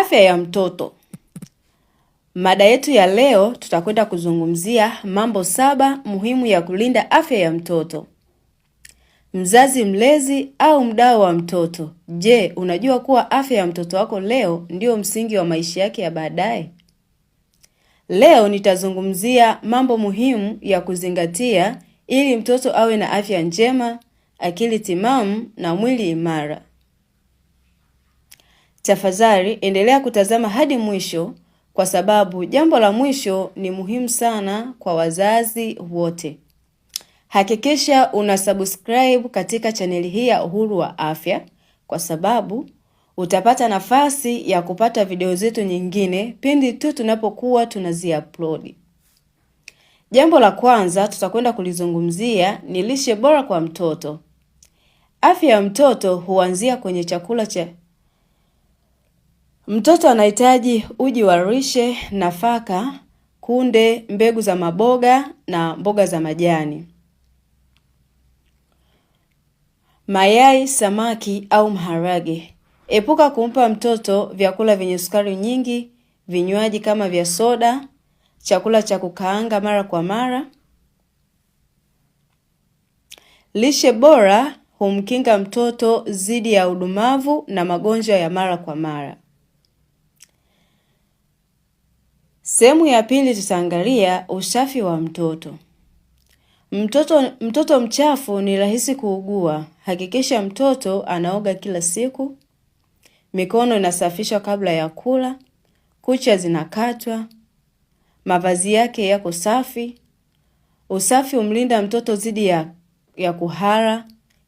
Afya ya mtoto. Mada yetu ya leo tutakwenda kuzungumzia mambo saba muhimu ya kulinda afya ya mtoto. Mzazi mlezi au mdau wa mtoto, je, unajua kuwa afya ya mtoto wako leo ndiyo msingi wa maisha yake ya baadaye? Leo nitazungumzia mambo muhimu ya kuzingatia ili mtoto awe na afya njema, akili timamu na mwili imara. Tafadhali endelea kutazama hadi mwisho kwa sababu jambo la mwisho ni muhimu sana kwa wazazi wote. Hakikisha una subscribe katika chaneli hii ya Uhuru wa Afya kwa sababu utapata nafasi ya kupata video zetu nyingine pindi tu tunapokuwa tunaziupload. Jambo la kwanza tutakwenda kulizungumzia ni lishe bora kwa mtoto. Afya ya mtoto huanzia kwenye chakula cha Mtoto anahitaji uji wa lishe, nafaka, kunde, mbegu za maboga na mboga za majani, mayai, samaki au maharage. Epuka kumpa mtoto vyakula vyenye sukari nyingi, vinywaji kama vya soda, chakula cha kukaanga mara kwa mara. Lishe bora humkinga mtoto dhidi ya udumavu na magonjwa ya mara kwa mara. Sehemu ya pili tutaangalia usafi wa mtoto. Mtoto, mtoto mchafu ni rahisi kuugua. Hakikisha mtoto anaoga kila siku, mikono inasafishwa kabla ya kula, kucha zinakatwa, mavazi yake yako safi. Usafi umlinda mtoto dhidi ya, ya kuhara,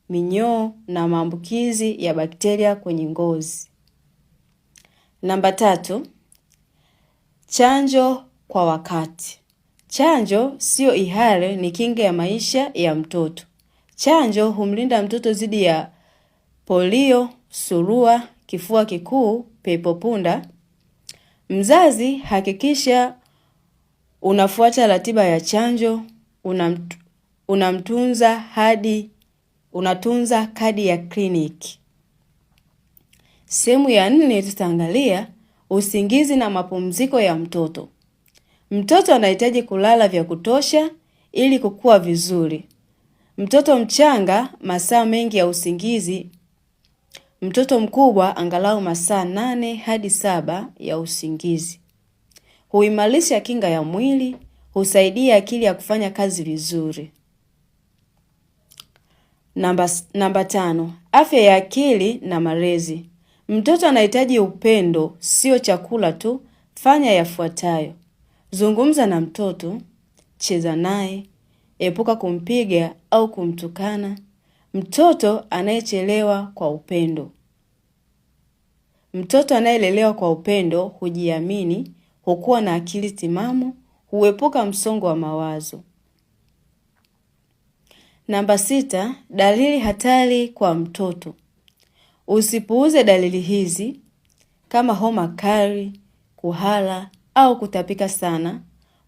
minyoo na maambukizi ya bakteria kwenye ngozi. Namba tatu, Chanjo kwa wakati. Chanjo siyo ihare, ni kinga ya maisha ya mtoto. Chanjo humlinda mtoto dhidi ya polio, surua, kifua kikuu, punda. Mzazi, hakikisha unafuata ratiba ya chanjo, unamtunza hadi unatunza kadi ya kliniki. Sehemu ya nne tutaangalia usingizi na mapumziko ya mtoto. Mtoto anahitaji kulala vya kutosha ili kukua vizuri. Mtoto mchanga masaa mengi ya usingizi, mtoto mkubwa angalau masaa nane hadi saba ya usingizi. Huimarisha kinga ya mwili, husaidia akili ya kufanya kazi vizuri. Namba, namba tano, afya ya akili na malezi. Mtoto anahitaji upendo, sio chakula tu. Fanya yafuatayo: zungumza na mtoto, cheza naye, epuka kumpiga au kumtukana. Mtoto anayechelewa kwa upendo. Mtoto anayelelewa kwa upendo hujiamini, hukuwa na akili timamu, huepuka msongo wa mawazo. Namba sita, dalili hatari kwa mtoto. Usipuuze dalili hizi kama homa kali, kuhara au kutapika sana,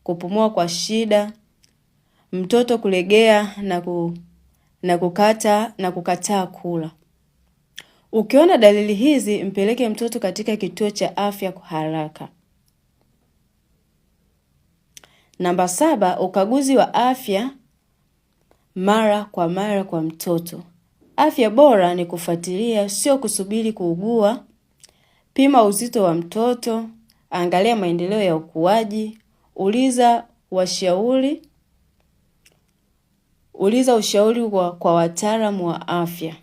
kupumua kwa shida, mtoto kulegea na, ku, na, kukata, na kukataa kula. Ukiona dalili hizi, mpeleke mtoto katika kituo cha afya kwa haraka. Namba saba, ukaguzi wa afya mara kwa mara kwa mtoto. Afya bora ni kufuatilia, sio kusubiri kuugua. Pima uzito wa mtoto, angalia maendeleo ya ukuaji, uliza washauri uliza ushauri kwa, kwa wataalamu wa afya.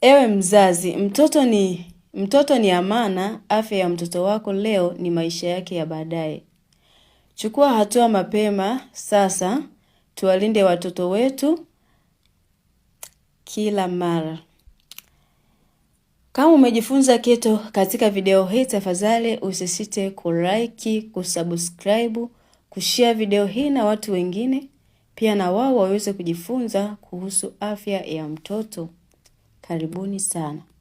Ewe mzazi, mtoto ni mtoto ni amana. Afya ya mtoto wako leo ni maisha yake ya baadaye. Chukua hatua mapema sasa tuwalinde watoto wetu kila mara. Kama umejifunza kitu katika video hii, tafadhali usisite kulike, kusubscribe, kushare video hii na watu wengine, pia na wao waweze kujifunza kuhusu afya ya mtoto. Karibuni sana.